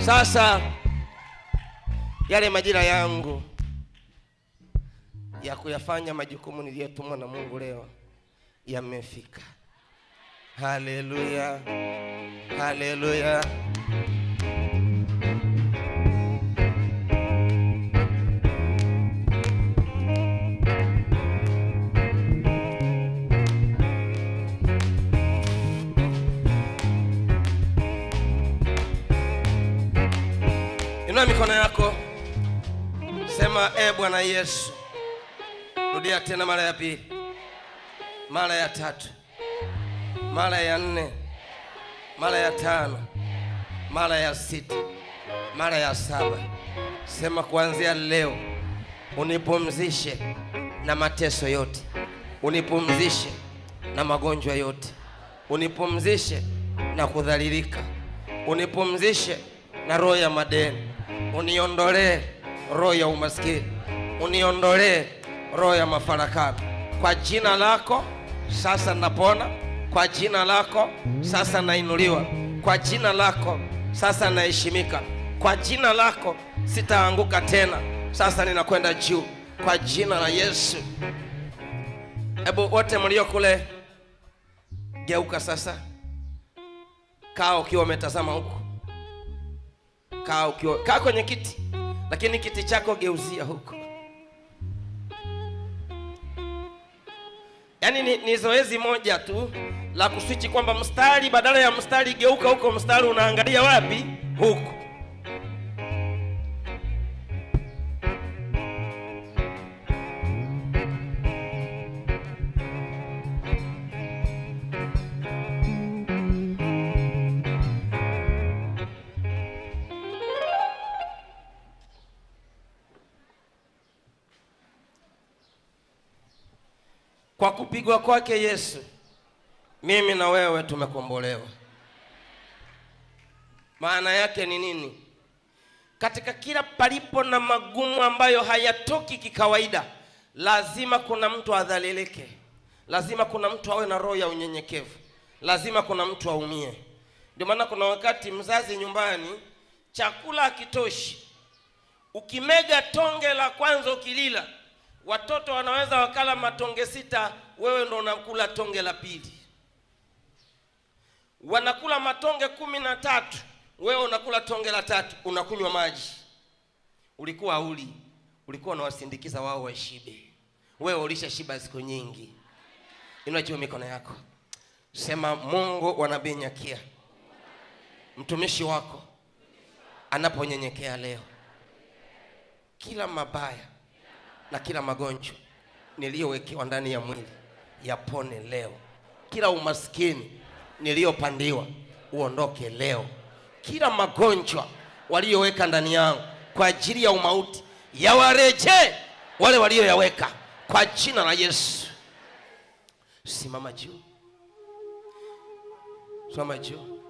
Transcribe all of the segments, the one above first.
Sasa yale majira yangu ya kuyafanya majukumu niliyotumwa na Mungu leo yamefika. Haleluya, haleluya. Inua mikono yako, sema e Bwana Yesu. Rudia tena mara ya pili, mara ya tatu, mara ya nne, mara ya tano, mara ya sita, mara ya saba. Sema kuanzia leo unipumzishe na mateso yote, unipumzishe na magonjwa yote, unipumzishe na kudhalilika, unipumzishe na roho ya madeni uniondolee roho ya umaskini, uniondolee roho ya mafarakano. Kwa jina lako sasa napona, kwa jina lako sasa nainuliwa, kwa jina lako sasa naheshimika, kwa jina lako sitaanguka tena, sasa ninakwenda juu kwa jina la Yesu. Hebu wote mlio kule geuka sasa, kaa ukiwa umetazama huku kaa ukiwa kaa kwenye kiti lakini kiti chako geuzia huko yaani ni, ni zoezi moja tu la kuswichi kwamba mstari badala ya mstari geuka huko mstari unaangalia wapi huko kupigwa kwake Yesu mimi na wewe tumekombolewa. Maana yake ni nini? Katika kila palipo na magumu ambayo hayatoki kikawaida, lazima kuna mtu adhalilike, lazima kuna mtu awe na roho ya unyenyekevu, lazima kuna mtu aumie. Ndio maana kuna wakati mzazi nyumbani chakula hakitoshi, ukimega tonge la kwanza ukilila Watoto wanaweza wakala matonge sita, wewe ndo unakula tonge la pili. Wanakula matonge kumi na tatu, wewe unakula tonge la tatu, unakunywa maji. Ulikuwa uli ulikuwa unawasindikiza wao washibe, wewe ulisha-shiba siku nyingi. Inua juu mikono yako, sema Mungu wanabinyakia mtumishi wako anaponyenyekea leo, kila mabaya na kila magonjwa niliyowekewa ndani ya mwili yapone leo. Kila umaskini niliyopandiwa uondoke leo. Kila magonjwa waliyoweka ndani yangu kwa ajili ya umauti yawareje wale walioyaweka kwa jina la Yesu. Simama juu, simama juu,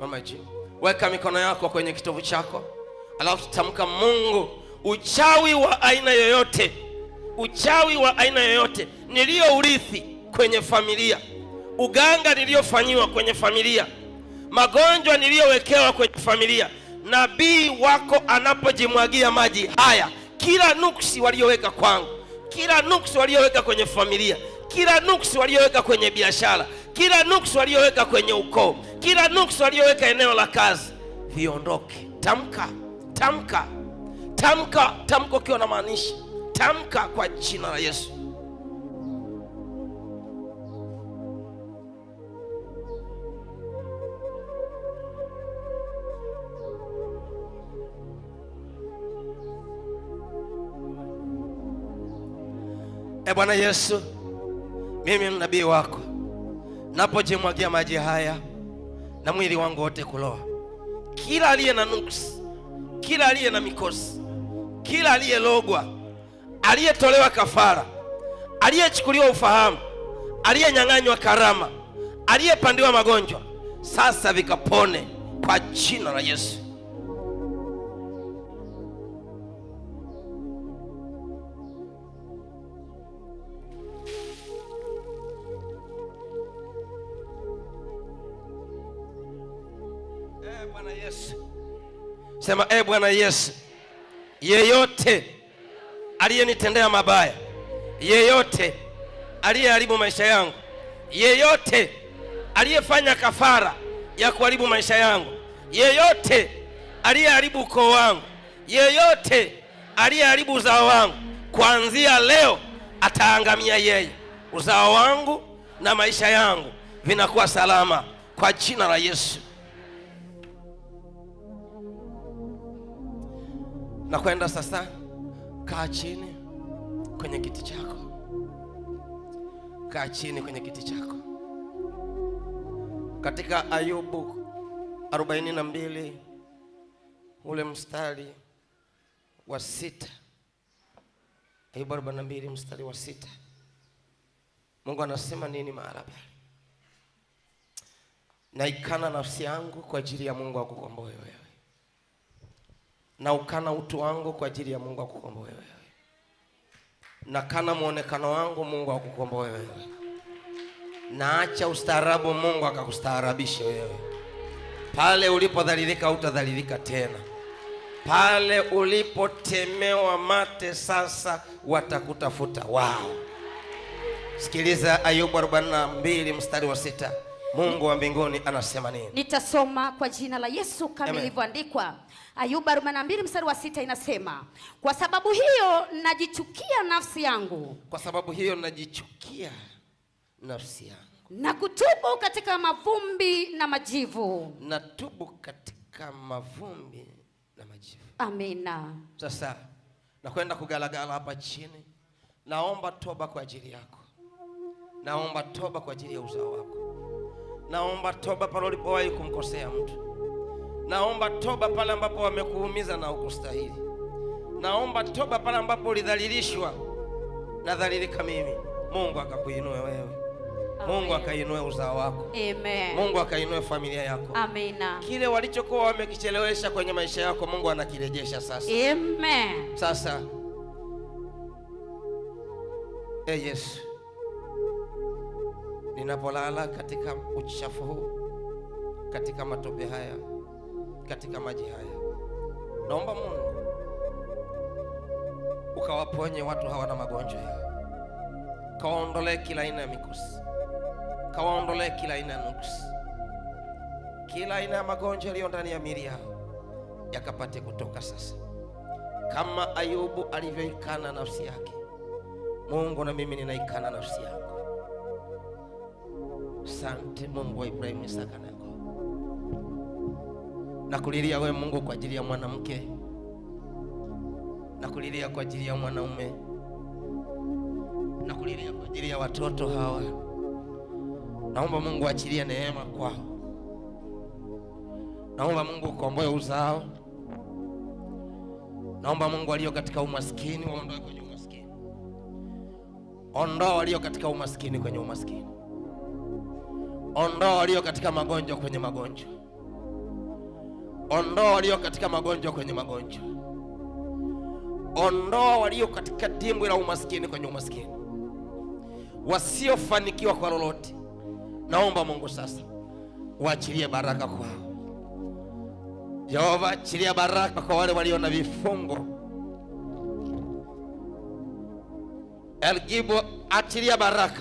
mama juu. Weka mikono yako kwenye kitovu chako, alafu tamka Mungu uchawi wa aina yoyote, uchawi wa aina yoyote niliyourithi kwenye familia, uganga niliyofanyiwa kwenye familia, magonjwa niliyowekewa kwenye familia, nabii wako anapojimwagia maji haya, kila nuksi waliyoweka kwangu, kila nuksi waliyoweka kwenye familia, kila nuksi waliyoweka kwenye biashara, kila nuksi waliyoweka kwenye ukoo, kila nuksi waliyoweka eneo la kazi, viondoke. Tamka, tamka tamka tamka ukiwa na maanishi tamka kwa jina la Yesu. E Bwana Yesu, mimi mnabii wako, napojimwagia maji haya na mwili wangu wote kuloa, kila aliye na nuksi, kila aliye na mikosi kila aliyelogwa, aliyetolewa kafara, aliyechukuliwa ufahamu, aliyenyang'anywa karama, aliyepandiwa magonjwa, sasa vikapone kwa jina la Yesu. Eh, Yesu. Sema, e Bwana Yesu yeyote aliyenitendea mabaya, yeyote aliyeharibu maisha yangu, yeyote aliyefanya kafara ya kuharibu maisha yangu, yeyote aliyeharibu ukoo wangu, yeyote aliyeharibu uzao wangu, kuanzia leo ataangamia yeye. Uzao wangu na maisha yangu vinakuwa salama kwa jina la Yesu. nakwenda sasa. Kaa chini kwenye kiti chako, kaa chini kwenye kiti chako. Katika Ayubu 42 ule mstari wa sita, Ayubu 42 mstari wa sita, Mungu anasema nini mahala pale? Naikana nafsi yangu kwa ajili ya Mungu akukomboe wewe na ukana utu wangu kwa ajili ya Mungu akukomboe wewe, na kana mwonekano wangu Mungu akukomboe wewe, naacha ustaarabu Mungu akakustaarabishe wewe. Pale ulipodhalilika utadhalilika tena, pale ulipotemewa mate sasa watakutafuta wao. Sikiliza Ayubu 42 mstari wa sita. Mungu wa mbinguni anasema nini? Nitasoma kwa jina la Yesu kama ilivyoandikwa. Ayuba 42 mstari wa sita inasema, kwa sababu hiyo najichukia nafsi yangu, kwa sababu hiyo najichukia nafsi yangu na kutubu katika mavumbi na majivu, natubu katika mavumbi na majivu. Amina. Sasa nakwenda kugalagala hapa chini, naomba toba kwa ajili yako, naomba toba kwa ajili ya uzao wako Naomba toba pale ulipowahi kumkosea mtu. Naomba toba pale ambapo wamekuumiza na ukustahili. Naomba toba pale ambapo ulidhalilishwa nadhalilika mimi, Mungu akakuinue wewe. Mungu akainue uzao wako. Amen. Mungu akainue familia yako. Amina. Kile walichokuwa wamekichelewesha kwenye maisha yako Mungu anakirejesha sasa. Amen. Sasa. Eh, Yesu ninapolala katika uchafu huu, katika matope haya, katika maji haya, naomba Mungu ukawaponye watu hawa na magonjwa yao, kawaondolee kila aina ya mikosi kawaondolee kila aina ya nuksi, kila aina ya magonjwa yaliyo ndani ya miili yao yakapate kutoka sasa, kama Ayubu alivyoikana nafsi yake. Mungu, na mimi ninaikana nafsi yangu Sante Mungu wa Ibrahimu, Isaka na Yakobo. Nakulilia we Mungu kwa ajili ya mwanamke, nakulilia kwa ajili ya mwanaume, nakulilia kwa ajili ya watoto hawa. Naomba Mungu achilie neema kwao, naomba Mungu ukomboe uzao, naomba Mungu alio katika umaskini waondoe kwenye umaskini, ondoa walio katika umaskini kwenye umaskini Ondoa walio katika magonjwa kwenye magonjwa. Ondoa walio katika magonjwa kwenye magonjwa. Ondoa walio katika dimbwi la umaskini kwenye umaskini, wasiofanikiwa kwa lolote. Naomba Mungu sasa waachilie baraka kwao. Yehova, achilia baraka kwa wale walio na vifungo. Elgibo, achilia baraka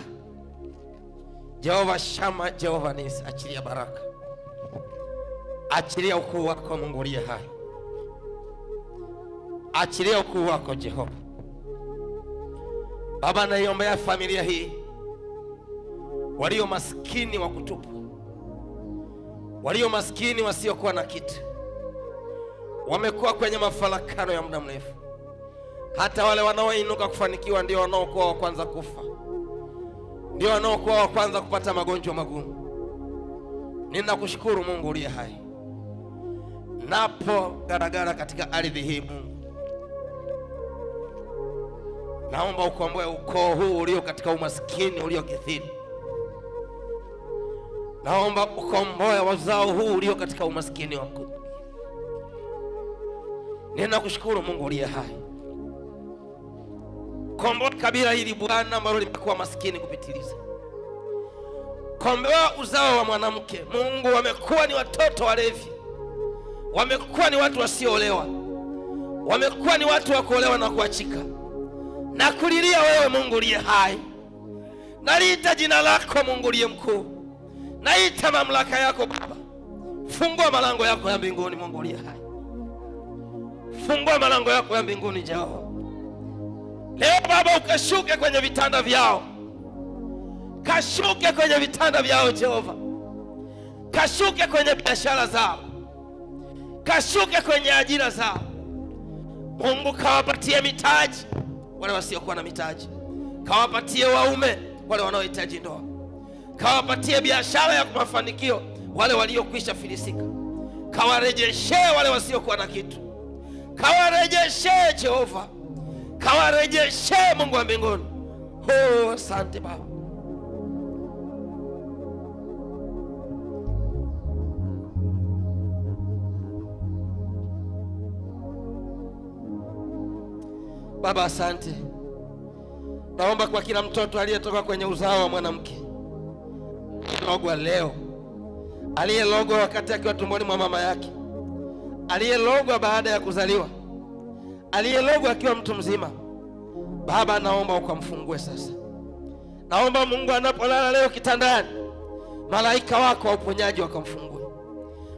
Jehova Shama, Jehova Nisi, achilia baraka, achilia ukuu wako Mungu uliye hai, achilia ukuu wako Jehova. Baba, naiombea familia hii, walio maskini wa kutupwa, walio maskini wasiokuwa na kitu, wamekuwa kwenye mafarakano ya muda mrefu. Hata wale wanaoinuka kufanikiwa ndio wanaokuwa wa kwanza kufa ndio wanaokuwa wa kwanza kupata magonjwa magumu. Ninakushukuru Mungu uliye hai, napo garagara katika ardhi hii. Mungu, naomba ukomboe ukoo huu ulio katika umaskini uliokithiri. Naomba ukomboe wazao huu ulio katika umaskini wako. Ninakushukuru Mungu uliye hai Komboa kabila hili Bwana, ambalo limekuwa maskini kupitiliza. Komboa uzao wa mwanamke Mungu. Wamekuwa ni watoto walevi, wamekuwa ni watu wasioolewa, wamekuwa ni watu wa kuolewa na kuachika na kulilia wewe, Mungu liye hai. Naliita jina lako Mungu liye mkuu, naita mamlaka yako Baba. Fungua malango yako ya mbinguni Mungu liye hai, fungua malango yako ya mbinguni Jehova. Leo Baba ukashuke kwenye vitanda vyao, kashuke kwenye vitanda vyao Jehova, kashuke kwenye biashara zao, kashuke kwenye ajira zao. Mungu kawapatie mitaji wale wasiokuwa na mitaji, kawapatie waume wale wanaohitaji ndoa, kawapatie biashara ya mafanikio wale waliokwisha filisika, kawarejeshee wale wasiokuwa na kitu, kawarejeshee Jehova kawarejeshe Mungu wa mbinguni. Oh, asante Baba. Baba, asante. Naomba kwa kila mtoto aliyetoka kwenye uzao wa mwanamke logwa leo, aliyelogwa wakati akiwa tumboni mwa mama yake, aliyelogwa baada ya kuzaliwa aliyelogwa akiwa mtu mzima. Baba, naomba ukamfungue sasa. Naomba Mungu anapolala leo kitandani, malaika wako wa uponyaji wakamfungue,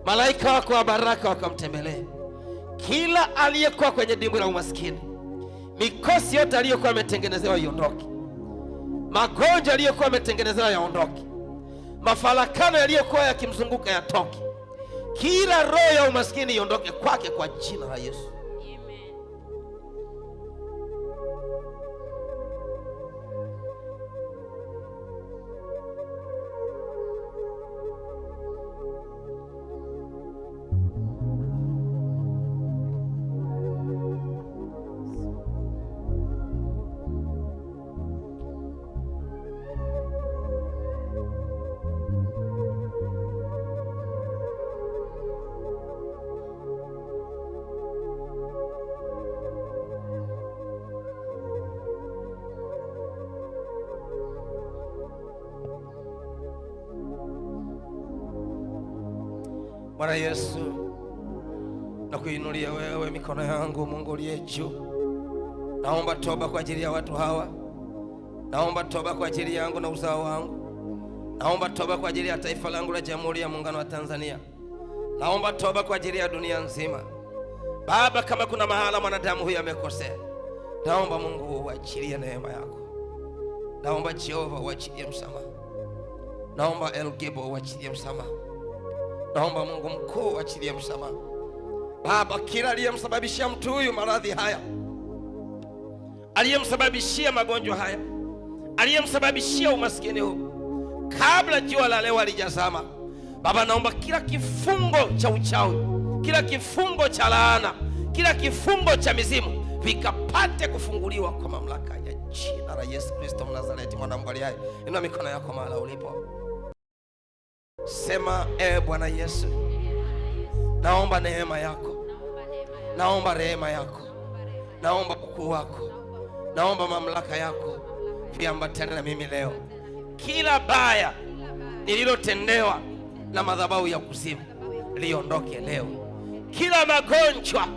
malaika wako wa baraka wakamtembelee. Kila aliyekuwa kwenye dimbwi la umaskini, mikosi yote aliyokuwa ametengenezewa iondoke, magonjwa aliyokuwa ametengenezewa yaondoke, mafarakano yaliyokuwa yakimzunguka yatoke, kila roho ya umaskini iondoke kwake kwa jina la Yesu. Bwana Yesu, nakuinulia wewe mikono yangu, Mungu uliye juu. Naomba toba kwa ajili ya watu hawa, naomba toba kwa ajili yangu na uzao wangu, naomba toba kwa ajili ya taifa langu la Jamhuri ya Muungano wa Tanzania, naomba toba kwa ajili ya dunia nzima. Baba, kama kuna mahala mwanadamu huyu amekosea, naomba Mungu uachilie neema yako, naomba Jehova uachilie msamaha, naomba El Gebo uachilie msamaha Naomba Mungu mkuu achilie msamaha Baba, kila aliyemsababishia mtu huyu maradhi haya, aliyemsababishia magonjwa haya, aliyemsababishia umaskini huu, kabla jua la leo alijazama, Baba, naomba kila kifungo cha uchawi, kila kifungo cha laana, kila kifungo cha mizimu vikapate kufunguliwa kwa mamlaka ya jina la Yesu Kristo Mnazareti, mwanambalia hai. Inua mikono yako mahala ulipo. Sema e Bwana Yesu, naomba neema yako, naomba rehema yako, naomba ukuu wako, naomba mamlaka yako viambatane na mimi leo. Kila baya nililotendewa na madhabahu ya kuzimu liondoke leo. Kila magonjwa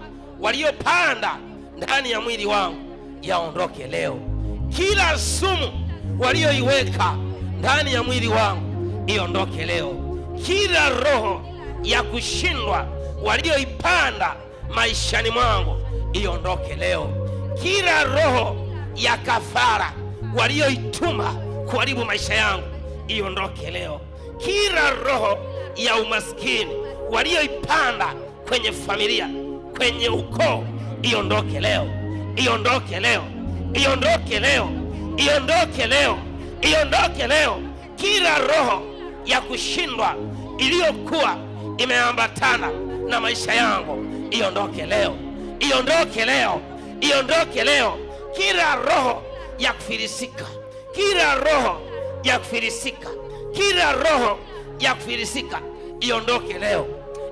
waliopanda ndani ya mwili wangu yaondoke leo. Kila sumu walioiweka ndani ya mwili wangu iondoke leo. Kila roho ya kushindwa walioipanda maishani mwangu iondoke leo. Kila roho ya kafara walioituma kuharibu maisha yangu iondoke leo. Kila roho ya umaskini walioipanda kwenye familia, kwenye ukoo iondoke leo, iondoke leo, iondoke leo, iondoke leo, iondoke leo, kila roho ya kushindwa iliyokuwa imeambatana na maisha yangu iondoke leo, iondoke leo, iondoke leo. Kila roho ya kufilisika, kila roho ya kufilisika, kila roho ya kufilisika iondoke leo,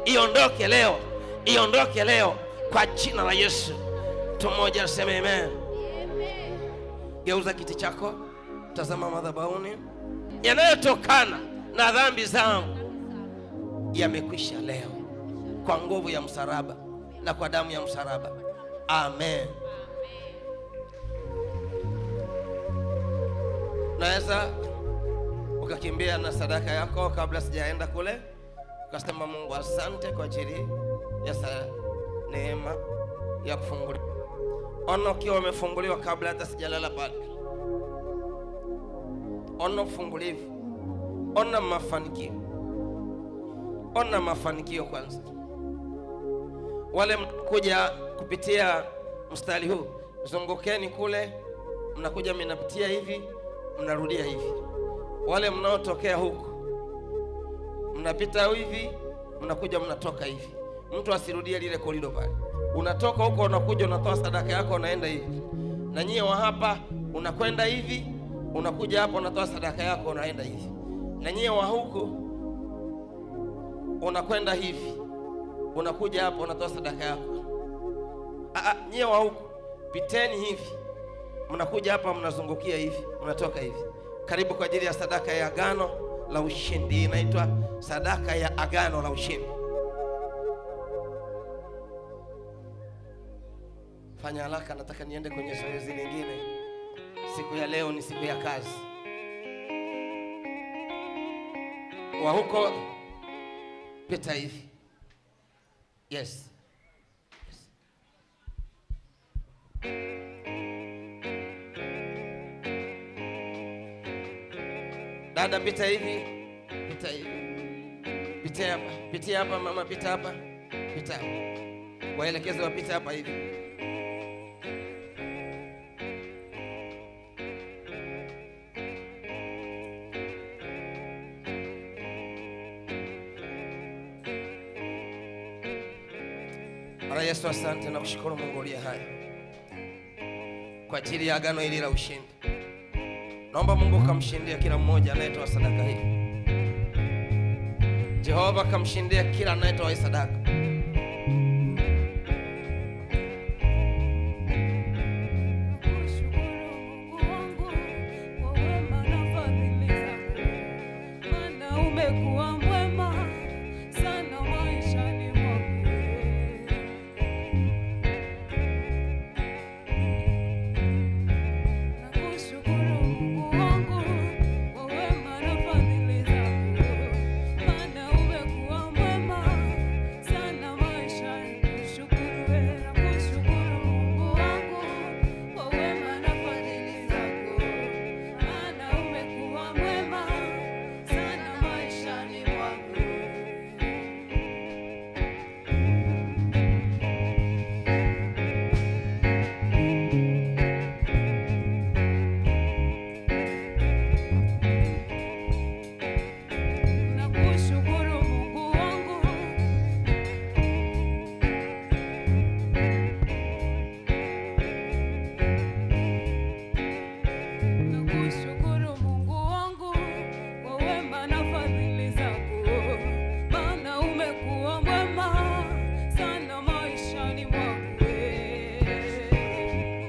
iondoke leo, iondoke leo kwa jina la Yesu. Mtu mmoja aseme amen. Geuza kiti chako, tazama madhabahuni yanayotokana na dhambi zangu yamekwisha leo kwa nguvu ya msalaba na kwa damu ya msalaba. Amen. Naweza ukakimbia na sadaka yako kabla sijaenda kule, ukasema Mungu asante kwa ajili ya neema ya kufunguliwa. Ona ukiwa umefunguliwa kabla hata sijalala pale, ona ufungulivu ona mafanikio, ona mafanikio kwanza. Wale mnakuja kupitia mstari huu, zungukeni kule, mnakuja mnapitia hivi, mnarudia hivi. Wale mnaotokea huku, mnapita hivi, mnakuja mnatoka hivi. Mtu asirudie lile korido pale. Unatoka huko, unakuja unatoa sadaka yako, unaenda hivi. Na nyie wa hapa, unakwenda hivi, unakuja hapa, unatoa sadaka yako, unaenda hivi na nyie wa huku unakwenda hivi, unakuja hapo, unatoa sadaka yako. Ah, ah, nyie wa huku piteni hivi, mnakuja hapa, mnazungukia hivi, mnatoka hivi. Karibu kwa ajili ya sadaka ya agano la ushindi, inaitwa sadaka ya agano la ushindi. Fanya haraka, nataka niende kwenye zoezi lingine. Siku ya leo ni siku ya kazi. wa huko pita hivi. Yes. yes. Dada pita hivi, pita hivi. Pita hapa, pita hapa mama, pita hapa, pita waelekezo wapita hapa hivi. Bwana Yesu, asante na kushukuru Mungu uliye hai kwa ajili ya agano hili la ushindi. Naomba Mungu kamshindia kila mmoja anayetoa sadaka hii. Jehova kamshindia kila anayetoa sadaka